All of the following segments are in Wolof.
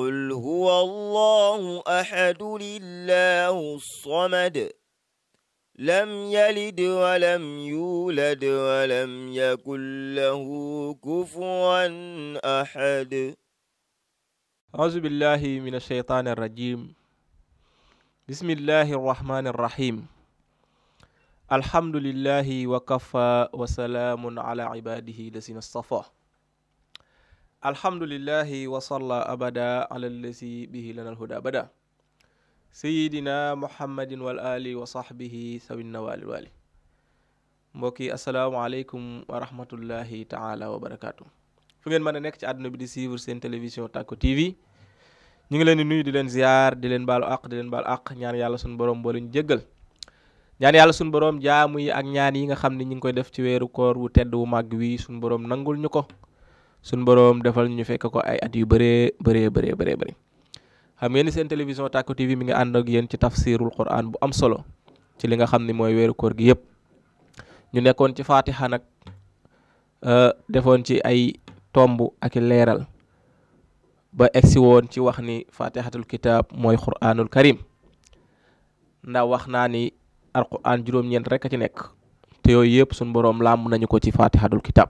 قل هو الله أحد لله الصمد لم يلد ولم يولد ولم يكن له كفوا أحد أعوذ بالله من الشيطان الرجيم بسم الله الرحمن الرحيم الحمد لله وكفى وسلام على عباده الذين اصطفى alhamdulillahi wa salla abada ala allazi bihi lana alhuda bada sayidina muhammadin wal ali wa sahbihi sawin nawali wali mbokk yi asalaamaaleykum wa rahmatullahi taala wa barakaatu fu ngeen mën nekk ci àdduna bi di suivre seen télévision Tacko TV ñu ngi leen di nuyu di leen ziar di leen baalu àq di leen baalu àq ñaan yàlla suñu borom boo leen jéggal ñaan yàlla suñu borom jaamu yi ak ñaan yi nga xam ne ñu ngi koy def ci weeru koor wu tedd wu màgg wii suñu borom nangul ñu ko suñ boroom defal ñu fekk ko ay at yu bëree bëree bëree bëree bëri xam ngeen ni seen télévision Tacko TV mi ngi ànd ak yéen ci tafsirul quran bu am solo ci li nga xam ne mooy weeru koor gi yëpp ñu nekkoon ci faatiha nag euh, defoon ci ay tomb ak leeral ba egsi woon ci wax ni fatihatul kitab mooy quranul karim ndax wax naa ni alquran juróom-ñeent rek a ci nekk te yooyu yëpp suñ boroom làmb nañu ko ci fatihatul kitab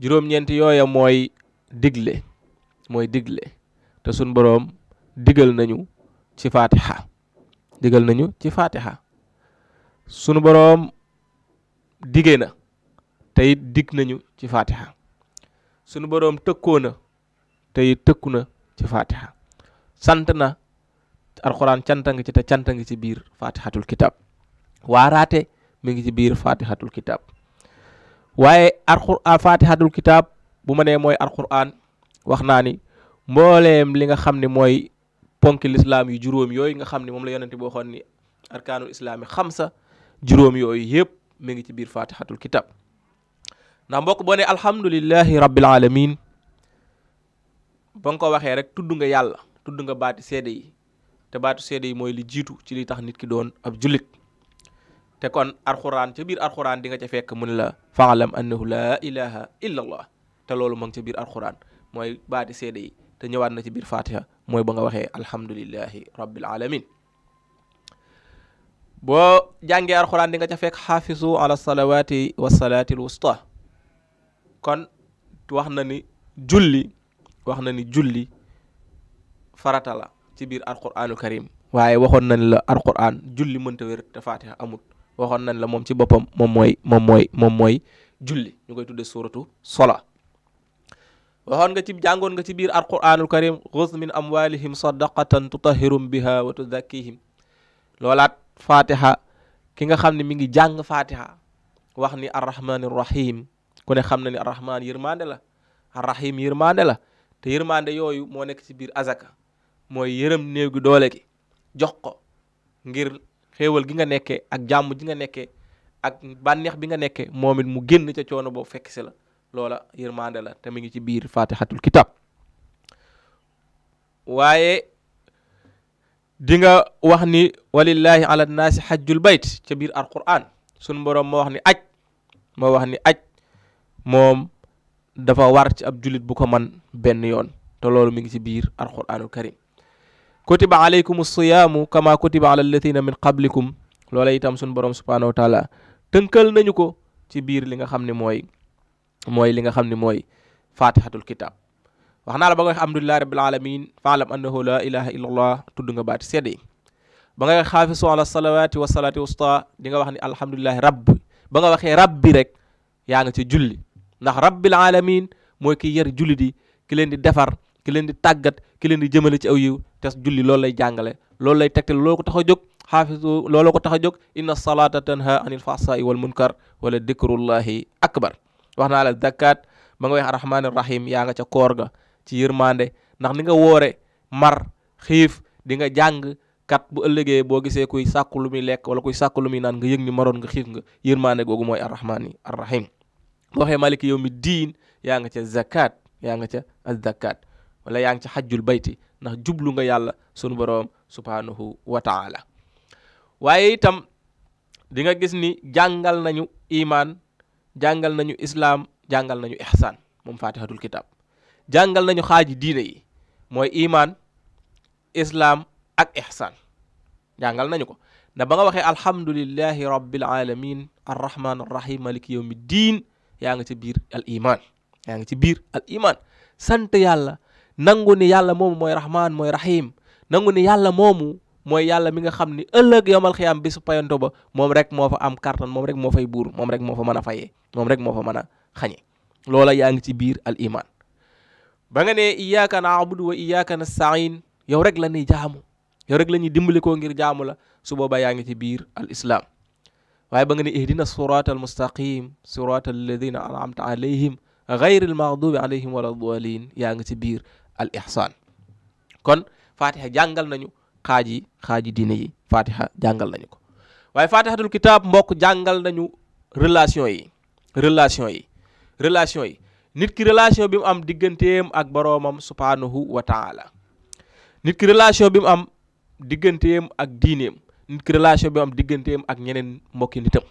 juróom-ñeent yooya mooy digle mooy digle te sun boroom digal nañu ci faatiha digal nañu ci faatiha sunu boroom digee na tey dig nañu ci faatiha sunu boroom tëkkoo na tey tëkku na ci faatiha sant na alxuraan canta ngi ci te canta ngi ci biir faatihatul kitab waaraate mu ngi ci biir faatihatul kitab waaye alxuraan faatihatul kitaab bu ma nee mooy alxuraan wax naa ni mbooleem li nga xam ni mooy ponki lislaam yu juróom yooyu nga xam ne moom la yonente boo xoon ni arkaanu islaam yi xam sa juróom yooyu yëpp mi ngi ci biir faatihatul kitab ndax mbokk boo ne alhamdulillahi rabbil alamin ba ko waxee rek tudd nga yàlla tudd nga baati seede yi te baatu seede yi mooy li jiitu ci li tax nit ki doon ab jullit te kon arxuraan ca biir arxuraan di nga ca fekk mun la faalam annahu laa te loolu ma ngi ca biir arxuraan mooy baati seede yi ñëwaat na ci biir fatiha mooy ba nga waxee alhamdulillahi rabbil alamin di nga ca fekk xaafisu ala salawaati al wusta kon wax na ni julli wax na ni julli farata la ci biir alquraanu karim waaye waxoon nañ la alquraan julli mënta wér te faatiha amut waxoon nañ la moom ci boppam moom mooy moom mooy moom mooy julli ñu koy tudd suratu sola waxoon nga ci jàngoon nga ci biir alquranul karim xuz min amwalihim sadaqatan tutahirum biha wa tuzakkihim loolaat fatiha ki nga xam ni mi ngi jàng fatiha wax ni arrahmanir rahim ku ne xam na ni arrahman yërmande la arrahim yërmande la te yërmande yooyu moo nekk ci biir azaka mooy yërëm néew doole gi jox ngir xéewal gi nga nekkee ak jàmm ji nga nekkee ak bànneex bi nga nekke moom it mu génn ca coono boobu fekk si la loola yërmande la te mu ngi ci biir fatihatul kitab waaye dinga nga wax ni walillahi ala naasi xajjul bayt ca biir alquran sun boroom moo wax ni aj moo wax ni aj moom dafa war ci ab jullit bu ko man benn yoon te loolu mi ngi ci biir alquranul karim kutiba alaykum siyaamu kama kutiba ala alladina min qablikum loola itam suñ borom subhanahu wa taala tënkal nañu ko ci biir li nga xam ne mooy mooy li nga xam ne mooy fatihatul kitab wax naa la ba nga alhamdulilahi rabbil alamin faalam annahu la ilaha illa allah tudd nga baati sedde yi ba nga xaafisu ala salawaati wa salaati wusta di nga wax ni alhamdulilahi rabb ba nga waxee rabbi rek yaa nga ci julli ndax rabbil alamin mooy ki yar julli di ki leen di defar ki leen di tàggat ki leen di jëmale ci aw yiw te julli loolu lay jàngale loolu lay tegtal loolu ko tax a jóg xaafisu loolu ko tax a jóg inna salaata tanha anil fahsaa'i wal munkar wala dikrullahi akbar wax naa la zakat ba nga wax arrahmaani rahim yaa nga ca koor ga ci yërmande ndax ni nga woore mar xiif di nga jàng kat bu ëllëgee boo gisee kuy sàkku lu lekk wala koy sàkku lu naan nga yëg ni maroon nga xiif nga yërmande googu mooy arrahmaani arrahim boo waxee maliki yow mi diin yaa nga ca zakat yaa nga ca az zakat wala yaa ngi ci xajjul bayti ndax jublu nga yàlla sunu boroom subhaanahu wa taala waaye itam di nga gis ni jàngal nañu imaan jàngal nañu islaam jàngal nañu ihsaan moom faatihatul kitab jàngal nañu xaaji diine yi mooy imaan islaam ak ihsaan jàngal nañu ko na ba nga waxee alhamdulillahi rabbil alamin arrahman arrahim maliki yawmi diin yaa ngi ci biir al iman yaa ngi ci biir al imaan sant yàlla nangu ni yàlla moomu mooy rahmaan mooy rahim nangu ni yàlla moomu mooy yàlla mi nga xam ni ëllëg yomal xiyaam bi su payanto ba moom rek moo fa am kartan moom rek moo fay buur moom rek moo fa mën a fayee moom rek moo fa mën a xañe loola yaa ngi ci biir al iman ba nga ne iyyaka na'budu wa na nasta'in yow rek la ñuy jaamu yow rek la ñuy dimbali koo ngir jaamu la su boobaa yaa ngi ci biir al islam waaye ba nga ne ihdina sirata al mustaqim sirata alladina an'amta alayhim ghayril maghdubi alayhim wala dhalin yaa ngi ci biir al ihsaan kon fatiha jàngal nañu xaaj yi xaaji diine yi fatiha jàngal nañu ko waaye fatihatul kitaab mbokk jàngal nañu relation yi relation yi relation yi nit ki relation bi am digganteem ak boroomam subhaanahu wa taala nit ki relation bi mu am digganteem ak diineem nit ki relation bi am digganteem ak ñeneen mbokki nitam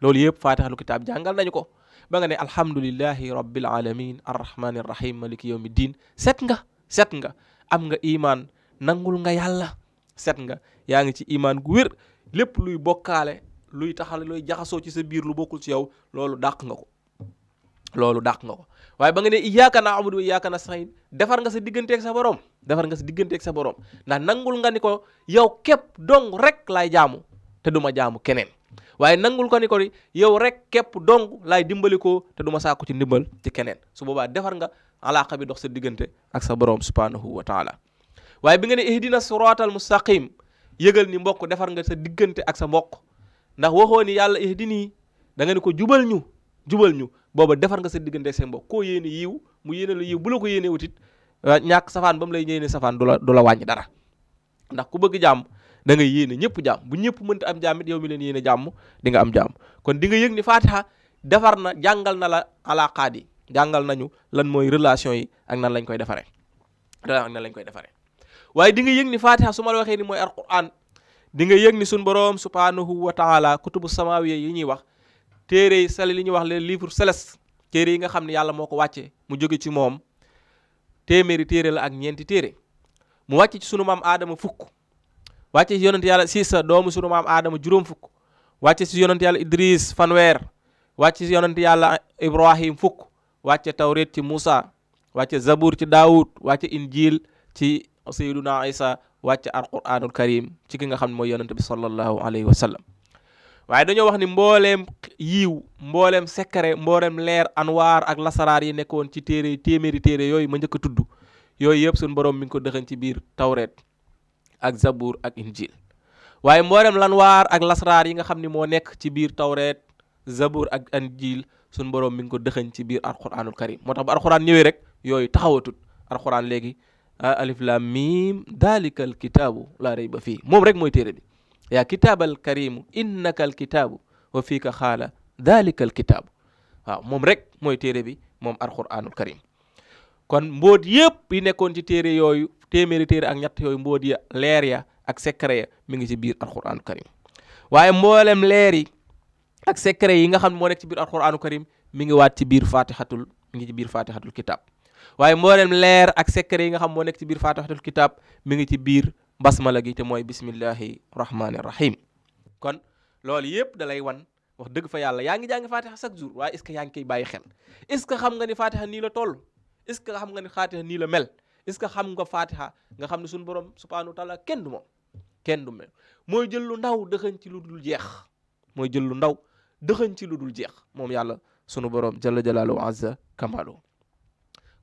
loolu yëpp fatihatul kitaab jàngal nañu ko ba nga ne alhamdulillahi rabbil alamin arrahmani rahim maliki yawmi diin set nga set nga am nga imaan nangul nga yàlla set nga yaa ngi ci imaan gu wér lépp luy bokkaale luy taxal luy jaxasoo ci sa biir lu bokkul ci yow loolu dàq nga ko loolu dàq nga ko waaye ba nga ne iyyaka na'budu wa iyyaka na defar nga sa digganteeg sa borom defar nga sa digganteeg sa borom ndax nangul nga ni ko yow képp dong rek laay jaamu te duma jaamu keneen waaye nangul ko ni ko ni yow rek képp dong laay dimbali ko te du ma saako ci ndimbal ci keneen su boobaa defar nga alaaka bi dox sa diggante ak sa borom subhanahu wa taala waaye bi nga ne ihdina siraatal mustaqim yëgal ni mbokk defar nga sa diggante ak sa mbokk ndax waxoo ni yàlla ihdini da nga ni ko jubal ñu jubal ñu booba defar nga sa diggante ak seen mbokk koo yéene yiw mu yéene la yiw bu la ko yéene wutit ñàkk safaan ba lay yéene safaan du la du la wàññi dara ndax ku bëgg jàmm da nga yéene ñëpp jàmm bu ñëpp mënta am jàmm it yow mi leen yéene jàmm di nga am jàmm kon di nga yëg ni Fatiha defar na jàngal na la alaqaat yi jàngal nañu lan mooy relation yi ak nan lañ koy defaree ak nan lañ koy defaree waaye di nga yëg ni Fatiha su ma la waxee ni mooy alquran di nga yëg ni suñ boroom subhanahu wa taala kutubu samawiya yi ñuy wax téere yi sel li ñuy wax les livres célestes téere yi nga xam ne yàlla moo ko wàcce mu jóge ci moom téeméeri téere la ak ñeenti téere mu wàcce ci sunu maam aadama fukk wàcce ci yonent yàlla siisa doomu sunu maam aadama juróom fukk wàcce ci yonent yàlla idris fanweer wàcce ci yonent yàlla ibrahim fukk wàcce tawret ci moussa wàcce zabur ci daawud wàcce injil ci sayyiduna isa wàcce alquranul karim ci ki nga xam ne mooy yonent bi sallallahu alayhi wa sallam waaye dañoo wax ni mboolem yiiw mboolem sekare mbooleem leer anwaar ak lasaraar yi nekkoon ci téere téeméeri téere yooyu ma njëkk a yooyu yëpp suñu borom mi ngi ko dëxañ ci biir tawret ak zabour ak injil waaye mboolem lanwaar ak lasraar yi nga xam ni moo nekk ci biir tawreet zabour ak injil suñ boroom mi ngi ko dëxëñ ci biir alquranul karim moo tax ba alquran ñëwee rek yooyu taxawatut alquran léegi alif lam mim dalikal kitaabu laa rayba fii moom rek mooy téere bi yaa kitaabal karimu innaka al kitaabu wa fii ka xaala dalikal kitaabu waaw moom rek mooy téere bi moom alquranul karim kon mboot yëpp yi nekkoon ci téere yooyu téeméeri téere ak ñett yooyu mboot ya leer ya ak secret mi ngi ci biir alquranu karim waaye mboolem leer yi ak secret yi nga xam ne moo nekk ci biir alquranu karim mi ngi waat ci biir fatihatul mi ngi ci biir fatihatul kitab waaye mboolem leer ak secret yi nga xam moo nekk ci biir fatihatul kitab mi ngi ci biir basmala gi te mooy bismillahi rahmaani rahim kon loolu yëpp da lay wan wax dëgg fa yàlla yaa ngi jàngi fatiha chaque jour waaye est ce que ngi koy bàyyi xel est ce xam nga ni fatiha nii la toll est-ce que xam nga ne xaatiha nii la mel est que xam nga fatiha nga xam ne suñu borom subhanahu wa taala kenn du moom kenn du mel mooy jël lu ndaw dëxañ ci lu dul jeex mooy jël lu ndaw dëxañ ci lu dul jeex moom yàlla sunu borom jalla jalaaluhu azza kamalu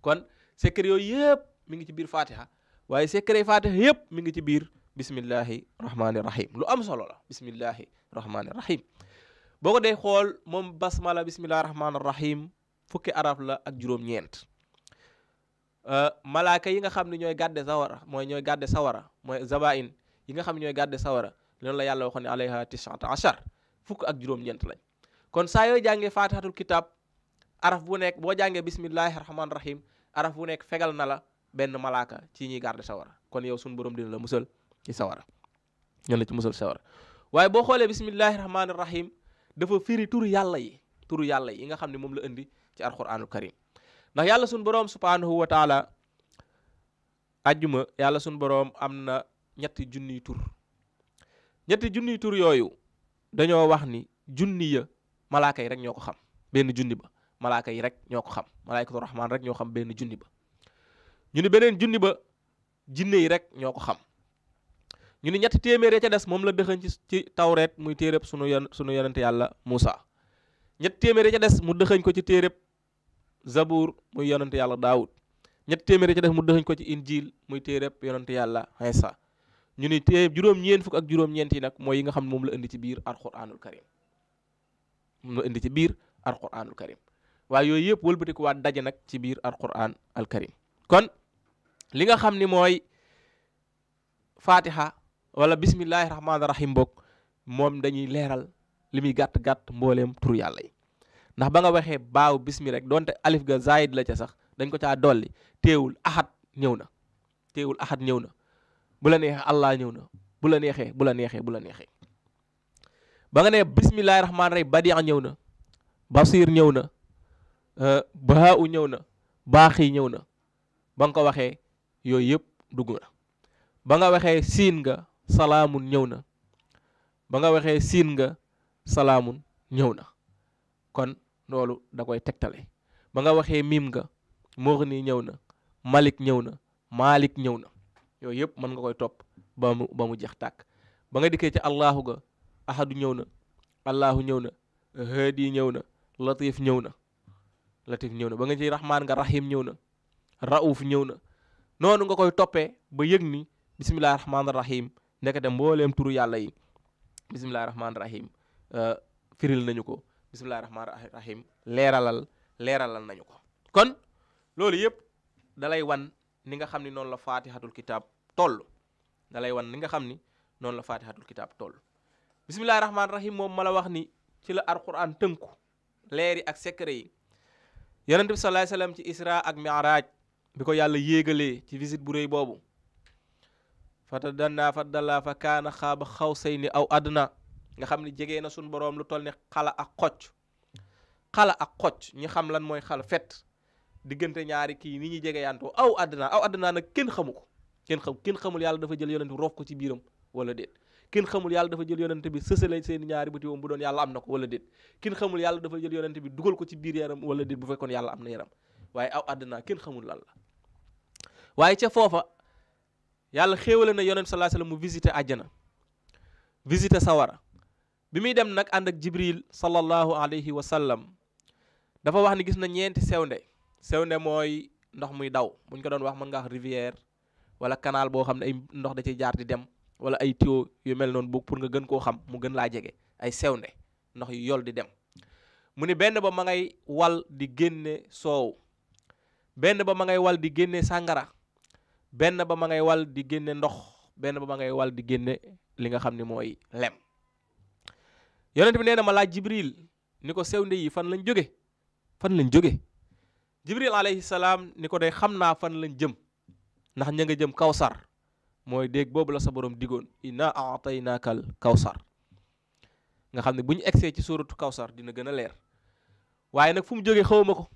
kon secret yooyu yëpp mi ngi ci biir fatiha waaye secret fatiha yëpp mi ngi ci biir bismillahi rahmaani rahim lu am solo la bismillahi rahmaani rahim boo ko dee xool moom mala bismillahi rahmaani rahim fukki araf la ak juróom-ñeent Euh, malaaka yi nga xam ne ñooy gàdde sawara mooy ñooy gàdde sawara mooy zabain yi nga xam ne ñooy gàdde sawara loolu la yàlla waxoon ne alayha tisata achar fukk ak juróom-ñeent lañ kon saa yoo jàngee faatihatul kitab araf bu nekk boo jàngee bismillahi rahman rahim araf bu nekk fegal na la benn malaaka ci ñuy gàdde sawara kon yow suñu borom dina la musal ci sawara ñen ci musal sawara waaye boo xoolee bismillahi rahmani rahim dafa firi turu yàlla yi yàlla yi nga xam ne moom la indi ci alquranul karim ndax yàlla suñ boroom subhaanahu wa taala ajjuma yàlla suñ boroom am na ñetti junniy tur ñetti junniy tur yooyu dañoo wax ni junni ya malaaka yi rek ñoo ko xam benn junni ba malaaka yi rek ñoo ko xam malaayikatu rahmaan rek ñoo xam benn junni ba ñu ni beneen junni ba jinne yi rek ñoo ko xam ñu ni ñetti téeméer ya ca des moom la dëxëñ ci ci tawreet muy téeréb su yon sunu yonente yàlla Muusa ñetti téeméer ca des mu dëxëñ ko ci téeréb zabuur muy yonent yàlla daawud ñett téeméeri ci def mu dëxëñ ko ci injil muy téereb yonent yàlla Iisaa ñu ni téere juróom-ñeent fukk ak juróom-ñeent nag mooy yi nga xam ne moom la indi ci biir alquraanul karim moom indi ci biir alquraanul karim waaye yooyu yëpp wëlbatiku waat daje nag ci biir alquraan al karim kon li nga xam ni mooy fatiha wala bismillahi rahmaani rahim boog moom dañuy leeral li muy gàtt-gàtt mbooleem tur yàlla ndax ba nga waxee baaw bismi rek donte alif ga zaayid la ca sax dañ ko caa dolli teewul ahad ñëw na teewul ahad ñëw na bu la neexee allah ñëw na bu la neexee bu la neexee bu la neexee ba nga ne bismillahi rahmaani rahim badiya ñëw na basir ñëw na euh, bahaa u ñëw na ñëw na ba nga ko waxee yooyu yëpp dugg na ba nga waxee siin nga salaamun ñëw na ba nga waxee siin nga salaamun ñëw na kon loolu da koy tegtale ba nga waxee miim nga Mourni ñëw na Malik ñëw na Malik ñëw na yooyu yëpp mën nga koy topp ba mu ba jeex tàkk ba nga dikkee ci Allahu ga ahadu ñëw na Allahu ñëw na Hadi ñëw na Latif ñëw na Latif ñëw na ba nga ci Rahmaan nga Rahim ñëw na Raouf ñëw na noonu nga koy toppee ba yëg ni bisimilah rahmaani rahim ndekete mboolem turu yàlla yi bisimilah rahmaani rahim euh, firil nañu ko. bisimilah rahmaani rahim leeralal leeralal nañu ko kon loolu yëpp dalay wan ni nga xam ni noonu la faatihatul kitaab toll dalay wan ni nga xam ni noonu la faatihatul kitaab toll bisimilah rahmaani moom mala wax ni ci la alquran tënku leer yi ak secret yi yonent bi ci isra ak mi'raj bi ko yàlla yéegalee ci visite bu rëy boobu fatadanna faddala fa kaana xaaba xawsayni aw adna nga xam ni jege na suñu boroom lu toll ni xala ak xocc ak xocc ñi xam lan mooy xal fet diggante ñaari kii ni ñuy jege yantoo aw addina aw àddinaa nag kenn xamu ko kenn xam kenn xamul yàlla dafa jël yonent bi roof ko ci biiram wala déet kenn xamul yàlla dafa jël yonent bi sësale seen ñaari bëti bu doon yàlla am na ko wala déet kenn xamul yàlla dafa jël yonent bi dugal ko ci biir yaram wala déet bu fekkoon yàlla am na yaram waaye aw àddinaa kenn xamul lan la waaye ca foofa yàlla xéewale na yonent sallallahu alayhi wasallam mu visité àjjana visité sawara bi muy dem nag ànd ak jibril sallallahu alayhi wa sallam dafa wax ni gis na ñeenti sewnde sewnde mooy ndox muy daw buñ ko doon wax mën nga wax rivière wala kanaal boo xam ne ay ndox da ciy jaar di dem wala ay tuyau yu mel noonu boog pour nga gën koo xam mu gën laa jege ay sewnde ndox yu yol di dem mu ni benn ba ma ngay wal di génne soow benn ba ma ngay wal di génne sàngara benn ba ma ngay wal di génne ndox benn ba ma ngay wal di génne li nga xam ni mooy lem yonent bi nee na ma laaj jibril ni ko sewnde yi fan lañ jóge fan lañ jóge jibril alayhi salaam ni ko day xam naa fan lañ jëm ndax ña nga jëm kawsar mooy déeg boobu la sa borom digoon inna ataynaakal kawsar nga xam ne bu ñu egsee ci suuratu kawsar dina gën a leer waaye nag fu mu jógee xaw ma ko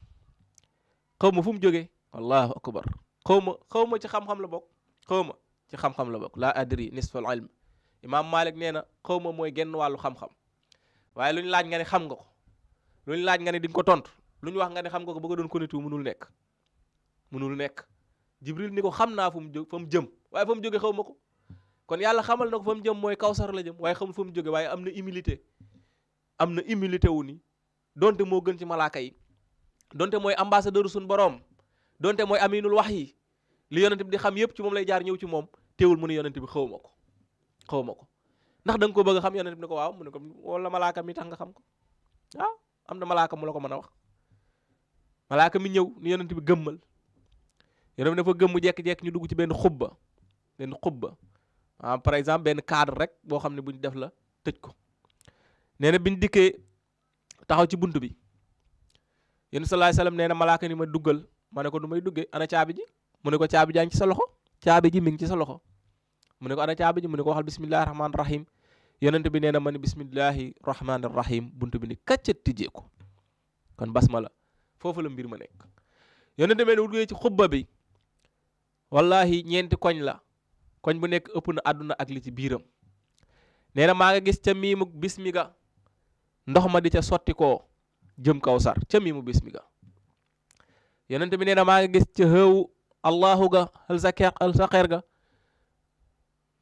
xaw ma fu mu jógee allahu akbar xaw ma xaw ma ci xam-xam la bokk xaw ma ci xam la bokk laa adri nisfal ilm imaam malik nee na xaw ma mooy genn wàllu xam-xam waaye lu ñu laaj nga ne xam nga ko lu ñu laaj nga ne di ko tontu lu ñu wax nga ne xam nga ko ko doon ko nitu mënul nekk mënul nekk jibril ni ko xam naa fu mu jóg fa mu jëm waaye fa mu jóge xaw ma ko kon yàlla xamal na ko fa mu jëm mooy kawsar la jëm waaye xamul fa mu jóge waaye am na humilité am na humilité wu ni donte moo gën ci malaaka yi donte mooy ambassadeur sun boroom donte mooy aminul wax yi li yonent bi di xam yépp ci moom lay jaar ñëw ci moom teewul mu ne yonent bi xaw ma ko xaw ma ko ndax da ko bëgg a xam yonent bi ne ko waaw mu ne ko wala malaaka mi tax nga xam ko am na malaaka mu la ko mën a wax malaaka mi ñëw ni yonent bi gëmmal yonent bi dafa gëmm jekk-jekk ñu dugg ci benn xubba benn xubba ah par exemple benn cadre rek boo xam ne bu ñu def la tëj ko nee na bi dikkee taxaw ci bunt bi yéen salaay salaam nee na malaaka ni ma duggal ma ne ko du may duggee ana caabi ji mu ne ko caabi jaa ngi sa loxo caabi ji mi ngi ci sa loxo mu ne ko ana caabi ji mu ne ko waxal bismillahi rahmaani yonent bi nee na ma ne bismillahi rahmaani rahim buntu bi ni kàccat tijjee ko kon basmala foofu la mbir ma nekk yonent bi ne wut ci xubba bi wallahi ñeenti koñ la koñ bu nekk ëpp na àdduna ak li ci biiram nee maa nga gis ca miimu bismi ga ndox ma di ca sotti koo jëm kaw sar ca miimu bismi ga yonent bi nee na maa nga gis ca xëewu allahu ga al sakeer al sakeer ga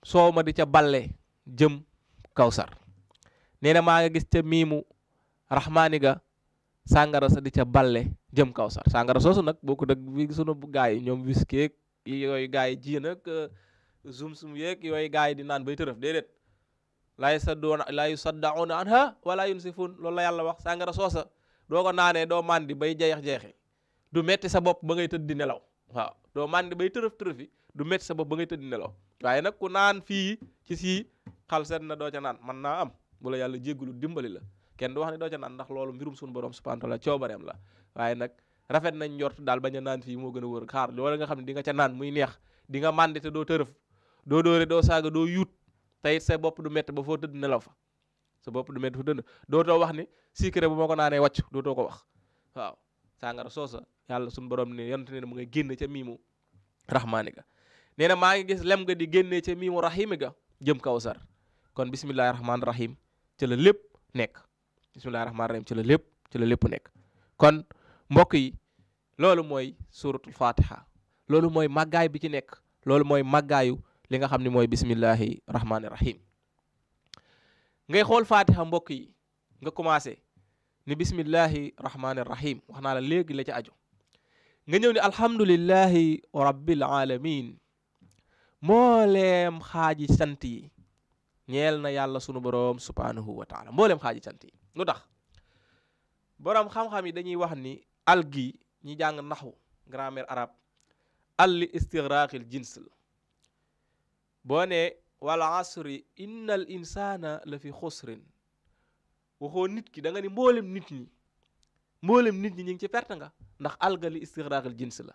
soow ma di ca balle jëm kawsar nee na maa nga gis ca miimu raxmaani ga sàngara sa di ca balle jëm kawsar sàngara soosu nag boo ko dëgg bi sunu gaa yi ñoom wiskeeg yooyu gaa yi ji nag uh, zum sum yeeg yooyu gaa yi di naan bay tërëf déedéet laa yusaddauna laa yusaddauna anha wala yunsifun loolu la yàlla wax sàngara soosa doo ko naanee doo màndi bay jeex-jeexi du metti sa bopp ba ngay tëdd di nelaw waaw doo màndi bay tërëf tërëfi du metti sa bopp ba ngay tëdd di nelaw waaye nag ku naan fii ci sii xal seet na doo ca naan man naa am bu yàlla jéggalu dimbali la kenn du wax ne doo ca naan ndax loolu mbirum suñu borom subhanahu wa taala coobareem la waaye nag rafet nañ njort daal bañ a naan fii moo gën a wër xaar loola nga xam ne di nga ca naan muy neex di nga màndi te doo tërëf doo dóore doo saaga doo yuut tey sa bopp du métti ba foo tëdd nelaw fa sa bopp du métti fa tëdd dootoo wax ni secret bu ma ko naanee wàcc doo ko wax waaw sàngara soosa yàlla suñu borom ne yonte ne mu ngay génn ca miimu raxmaani ga nee na maa ngi gis lem nga di génnee ca miimu rahimi ga jëm kawsar kon bisimillahi rahmaani rahim ci la lépp nekk bisimillahi rahmaani rahim ci la lépp ci lépp nekk kon mbokk yi loolu mooy suratul fatiha loolu mooy màggaay bi ci nekk loolu mooy màggaayu li nga xam ni mooy bisimillahi rahmaani rahim ngay xool fatiha mbokk yi nga commencé ni bisimillahi rahmaani rahim wax naa la léegi la ci aju nga ñëw ni alhamdulillahi rabbil alamin mbooleem xaaji sant yi ñeel na yàlla sunu boroom subhaanahu wa taala mbooleem xaaji sant yi lu tax boroom xam-xam yi dañuy wax ni al gi ñi jàng naxu grammaire arab al li istigraqil jins la boo ne wal asri innal insana la fi xusrin waxoo nit ki da nga ni mboolem nit ñi mboolem nit ñi ñu ngi ci perte nga ndax alga li istigraqil jins la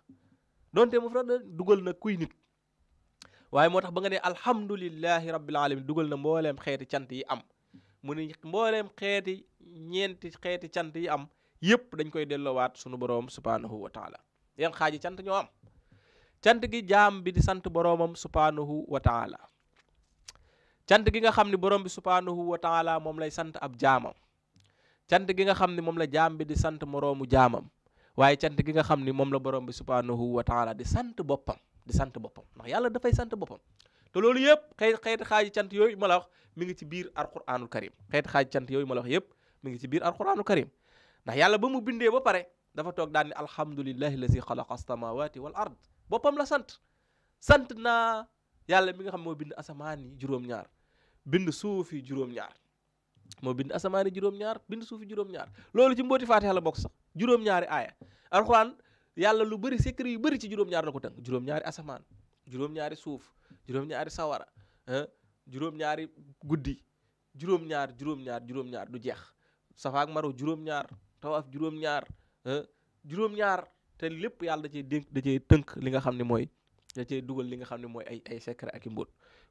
donte mu fa dugal na kuy nit waaye moo tax ba nga ne alhamdulilahi rabbil alamin dugal na mbooleem xeeti cant yi am mu ni mbooleem xeeti ñeenti xeeti cant yi am yëpp dañ koy delloowaat sunu boroom subhanahu wa taala yeen xaaji cant ñoo am cant gi jaam bi di sant boroomam subhanahu wa taala cant gi nga xam ne borom bi subhanahu wa moom lay sant ab jaamam cant gi nga xam ne moom la jaam bi di sant moroomu jaamam waaye cant gi nga xam ni moom la borom bi subhanahu wa taala di sant boppam di sant boppam ndax yàlla dafay sant boppam te loolu yëpp xëy xeeti xaaji cant yooyu ma la wax mi ngi ci biir alquranul karim xeeti xaaji cant yooyu ma la wax yëpp mi ngi ci biir alquranul karim ndax yàlla ba mu bindee ba pare dafa toog daan ni alhamdulillahi lazi xalaqa samawati wal ard boppam la sant sant na yàlla mi nga xam moo bind asamaan yi juróom-ñaar bind suuf yi juróom-ñaar moo bind asamaan yi juróom-ñaar bind suuf yi juróom-ñaar loolu ci mbooti faatiha la bokk sax juróom-ñaari yàlla lu bari secret yu bari ci juróom-ñaar la ko tënk juróom asamaan juróom-ñaari suuf juróom-ñaari sawara juróom-ñaari guddi juróom-ñaar juróom-ñaar du jeex safaak maro juróom-ñaar tawaaf juróom-ñaar juróom-ñaar te lépp yàlla da cee dénk da tënk li nga xam ne mooy da cee dugal li nga xam ne mooy ay ay secret ak i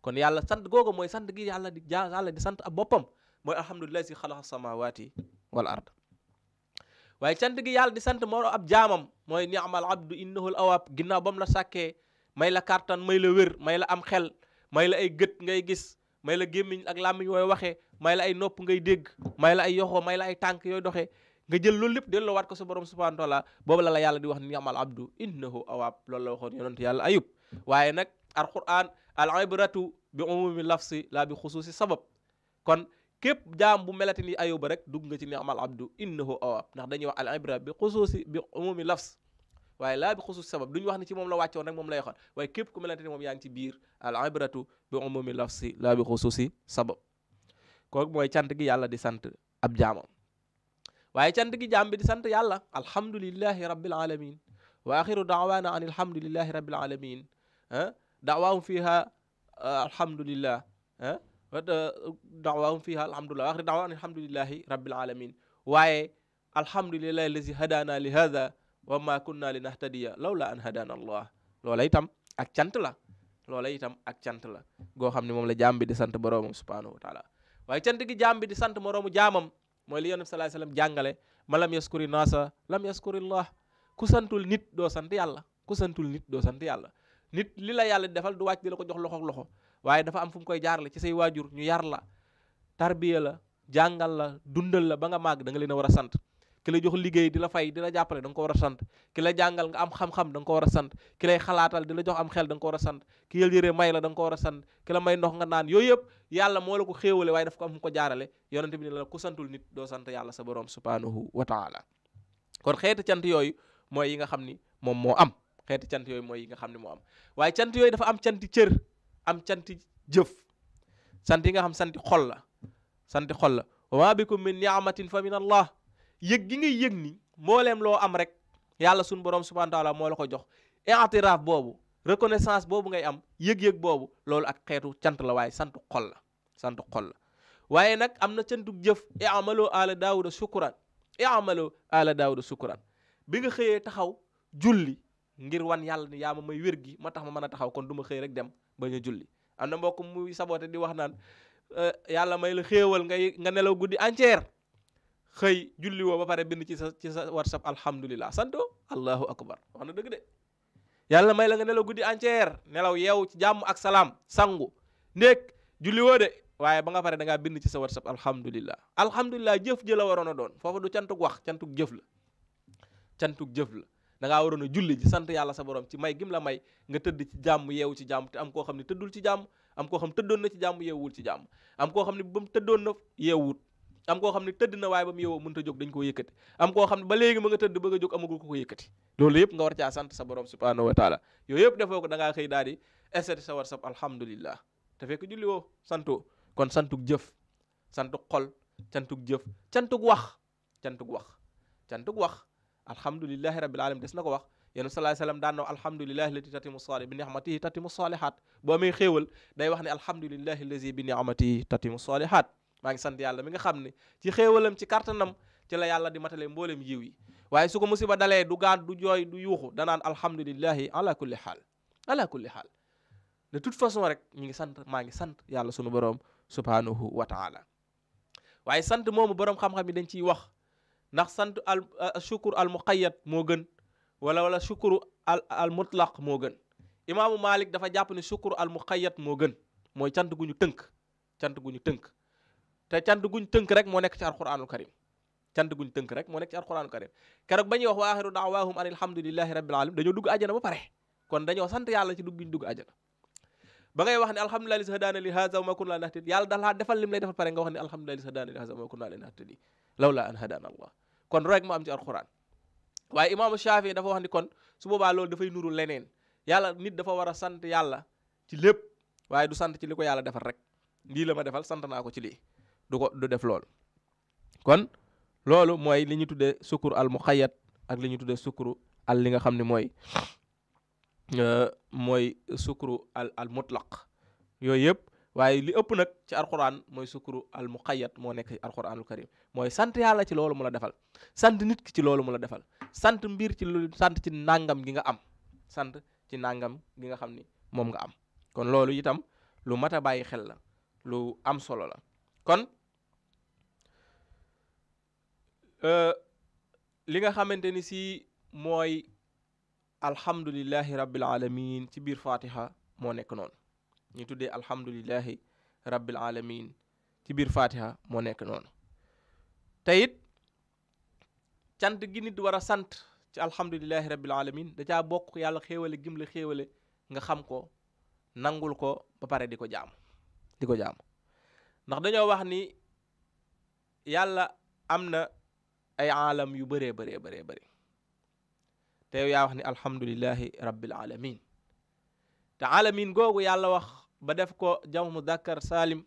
kon yàlla sant googu mooy sant gi yàlla di ja yàlla di sant ab boppam mooy alhamdulilah si xalaqa samawaati wal ard waaye cant gi yàlla di sant moo ab jaamam mooy ni'mal abdu innahul awab ginnaaw ba mu la sàkkee may la kàttan may la wér may la am xel may la ay gët ngay gis may la gémmiñ ak làmmiñ wooy waxee may la ay nopp ngay dégg may la ay yoxoo may la ay tànk yooy doxe nga jël loolu lépp delloo waat ko sa borom subhanahu wa taala boobu la la yàlla di wax ni'mal abdu innahu awab loolu la waxoon yonent yàlla ayub waaye nag al quran al ibratu bi umumi lafsi la bi xusuusi sabab képp jaam bu melati ni ayuba rek dugg nga ci ni amal abdu innahu awab ndax dañuy wax al ibra bi xusuusi bi umumi lafs waaye laa bi xusuusi sabab duñu wax ni ci moom la wàccoon rek moom lay waxoon waaye képp ku melati ni moom yaa ngi ci biir al ibratu bi umumi lafsi laa bi xusuusi sabab kooku mooy cant gi yàlla di sant ab jaamam waaye cant gi jaam bi di sant yàlla alhamdulillahi rabbil alamin wa axiru daawaana an alhamdulillahi rabbil alamin ah daawaahum fiha alhamdulillah ah Uh, dawahum fiha alhamdulillah wa axir dawa an alhamdulilahi rabbil alamin waaye alhamdulilahi lazi hadana li hada wa ma kunna li nahtadiya lawla an hadana allah loola itam ak cant la loola itam ak cant la goo xam ne moom la jaam bi di sant boroomam subhanahu wa taala waaye cant gi jaam bi di sant moroomu jaamam mooy li yonent bi sallallahu alayhi wasallam jàngale ma lam yaskuri naasa lam yaskuri allah ku santul nit doo sant yàlla ku santul nit doo sant yàlla nit li la yàlla defal du wàcc di la ko jox loxo loxo waaye dafa am fu mu koy jaarale ci say waajur ñu yar la tarbiya la jàngal la dundal la ba nga màgg da nga leen a war a sant ki la jox liggéey di la fay di la jàppale da nga ko war a sant ki la jàngal am xam-xam ko war a sant ki lay xalaatal di la jox am xel da nga ko war a sant ki yël yére may la da ko war a ki la may ndox nga naan yooyu yëpp yàlla moo la ko xéewale waaye daf ko am ko jaarale yonente bi ne la ku santul nit doo sant yàlla sa borom subhanahu wa taala kon xeeti cant yooyu mooy yi nga xam ni moom moo am xeeti cant yooyu mooy yi nga xam ni moo am waaye cant yooyu dafa am canti cër am canti jëf sant yi nga xam santi xol la santi xol la wama bikum min ni'matin fa min allah yëg gi ngay yëg ni mbooleem loo am rek yàlla suñu borom subhanahu wa taala moo la ko jox i'tiraaf boobu reconnaissance boobu ngay am yëg-yëg boobu loolu ak xeetu cant la waaye santu xol la santu xol la waaye nag am na cantu jëf i'malu ala daawuda sukuran i'malu ala daawuda sukuran bi nga xëyee taxaw julli ngir wan yàlla ni yaa ma may wér gi ma tax ma mën a taxaw kon du ma xëy rek dem bañ a julli am na mbokk muy saboote di wax naan euh, yàlla may la xéewal ngay nga nelaw guddi entière xëy julli ba pare bind ci sa ci sa whatsapp alhamdulilah santo allahu akbar wax na dëgg may la nga nelaw guddi entière nelaw yeew ci jàmm ak salaam sangu ndéeg julli woo de waaye ba nga pare da ngaa bind ci sa whatsapp alhamdulilah alhamdulilah jëf jë la waroon a doon foofu du cantug wax cantug jëf la cantug jëf la danga waroon a julli ji sant yàlla sa borom ci may gim la may nga tëdd ci jàmm yeewu ci jàmm te am koo xam ne tëddul ci jàmm am koo xam tëddoon na ci jàmm yeewul ci jàmm am koo xam ne ba mu tëddoon na yeewut am koo xam ne tëdd na waaye ba mu yeewoo mënut a jóg dañ koo yëkkati am koo xam ne ba léegi ma nga tëdd bëgg a jóg amagul ko ko yëkkati loolu yëpp nga war caa sant sa borom subhanahu wa taala yooyu yëpp defoo ko da ngaa xëy daal di eseti sa WhatsApp alhamdulillah te fekk julli woo santoo kon santuk jëf santuk xol cantuk jëf cantuk wax cantuk wax cantuk wax alhamdulilahi rabil alamin des na ko wax yéen sallallahu alayhi wasallam daan na alhamdulilahi lati tatimu tatimu salihat boo amee xéewal day wax ne alhamdulilahi lazi bi ni'matihi tatimu salihat maa ngi sant yàlla mi nga xam ne ci xéewalam ci kartanam ci la yàlla di matale mboolem yiw waaye su ko musiba dalee du gaan du jooy du yuuxu danaan alhamdulilahi ala kulli xaal ala kulli xaal de fa façon rek ñu ngi sant maa ngi sant yàlla sunu borom subhanahu wa taala waaye sant moo borom xam-xam dañ ciy wax ndax sant al euh, shukuru al muqayyad moo gën wala wala shukuru al al mutlaq moo gën imaamu Malik dafa jàpp ne shukuru al muqayyad moo gën mooy cant gu ñu tënk cant gu ñu tënk te cant guñ tënk rek moo nekk ci alquranul karim cant moo nekk ci alquranul karim keroog ba ñuy wax wa axiru daawaahum an alhamdulillahi rabbil alamin dañoo dugg àjjana ba pare kon dañoo sant yàlla ci dugg dugg àjjana ba ngay wax ne alhamdulillahi lis hadaana li haza wa ma kunna linahtadi yàlla dafa defal lim an hadaana allah kon rek mu am ci alquran waaye imaamu Shaafi dafa wax ni kon su boobaa loolu dafay nuru leneen yàlla nit dafa war a sant yàlla ci lépp waaye du sant ci li ko yàlla defal rek lii la ma defal sant naa ko ci lii du ko du def lool kon loolu mooy li ñu tuddee sukkur al muqayyad ak li ñu tuddee sukkuru al li nga xam ne mooy euh, mooy sukkuru al al mutlaq yooyu yëpp waaye li ëpp nag ci alquran mooy sukuru al muqayyad moo nekk ci alquranul karim mooy sant yàlla ci loolu mu la defal sant nit ki ci loolu mu la defal sant mbir ci lu sant ci nangam gi nga am sant ci nangam gi nga xam ni moom nga am kon loolu itam lu mat a bàyyi xel la lu am solo la kon euh, li nga xamante ni si mooy alhamdulillahi rabbil alamin ci biir fatiha moo nekk noonu ñu tuddee alhamdulilahi rabbil alamin ci biir fatiha moo nekk noonu te it cant gi nit war a sant ci alhamdulilahi rabbil alamin da caa bokk yàlla xéewale gim la nga xam ko nangul ko ba pare di ko jaamu di ko jaamu ndax dañoo wax ni yàlla am na ay aalam yu bëree bëree bëree bëri te yow yaa wax ni alhamdulilahi rabbil alamin te alamin googu yàlla wax ba def ko jamu muzakkar saalim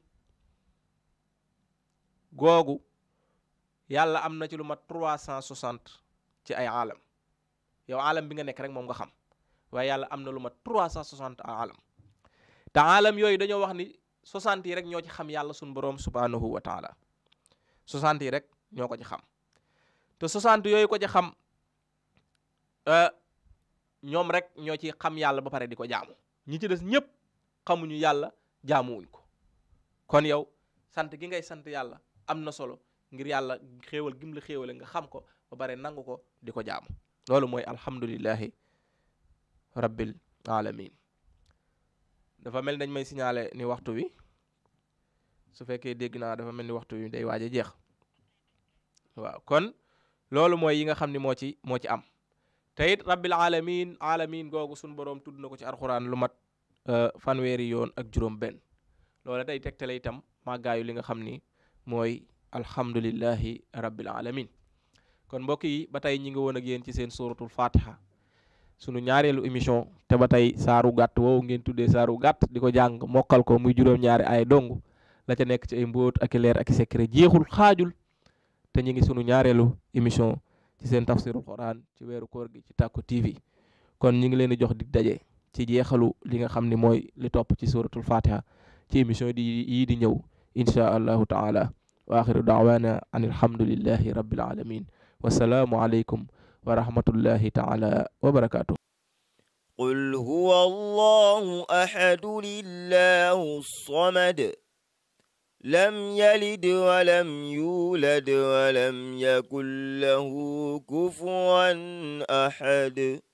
googu yàlla am na ci lu mat trois cent soixante ci ay alam yow alam bi nga nekk rek moom nga xam waaye yàlla am na lu mat trois cent soixante alam te alam yooyu dañoo wax ni soixante yi rek ñoo ci xam yàlla sunu boroom subhanahu wa taala soixante yi rek ñoo ko ci xam te soixante yooyu ko ci xam euh, ñoom rek ñoo ci xam yàlla ba pare di ko jaamu ñi ci des ñëpp xamuñu yàlla jaamuwuñ ko kon yow sant gi ngay sant yàlla am na solo ngir yàlla xéewal gim la xéewale nga xam ko ba bare nangu ko di ko jaamu loolu mooy alhamdulillahi rabbil alamin dafa mel dañ may siñaale ni waxtu wi su fekkee dégg naa dafa mel ni waxtu wi day waaj a jeex waaw kon loolu mooy yi nga xam ni moo ci moo ci am te it rabbil alamin alamin googu suñ boroom tudd na ko ci alxuraan lu mat Uh, fanweeri yoon ak juróom-benn loola day tegtale itam màggaayu li nga xam ni mooy alhamdulillahi rabbil alamin kon mbokk yi ba tey ñi ngi woon ak yéen ci seen suratul fatiha sunu ñaareelu émission te ba tey saaru gàtt woowu ngeen tuddee saaru gàtt di ko jàng mokkal ko muy juróom-ñaari ay dong la ca nekk ci ay mboot ak i leer ak i secret jeexul xaajul te ñu ngi sunu ñaareelu émission ci seen tafsirul quran ci weeru koor gi ci Tacko TV kon ñu ngi leen di jox dig daje. ci jeexalu li nga xam ne mooy li topp ci suratul fatiha ci émission di yii di ñëw inchaa allahu taala wa axiru daawana an alhamdulillahi rabbil alamin wasalaamu aleykum wa rahmatullahi taala wa barakatuh قل هو الله أحد الله الصمد لم يلد ولم يولد ولم يكن له كفوا أحد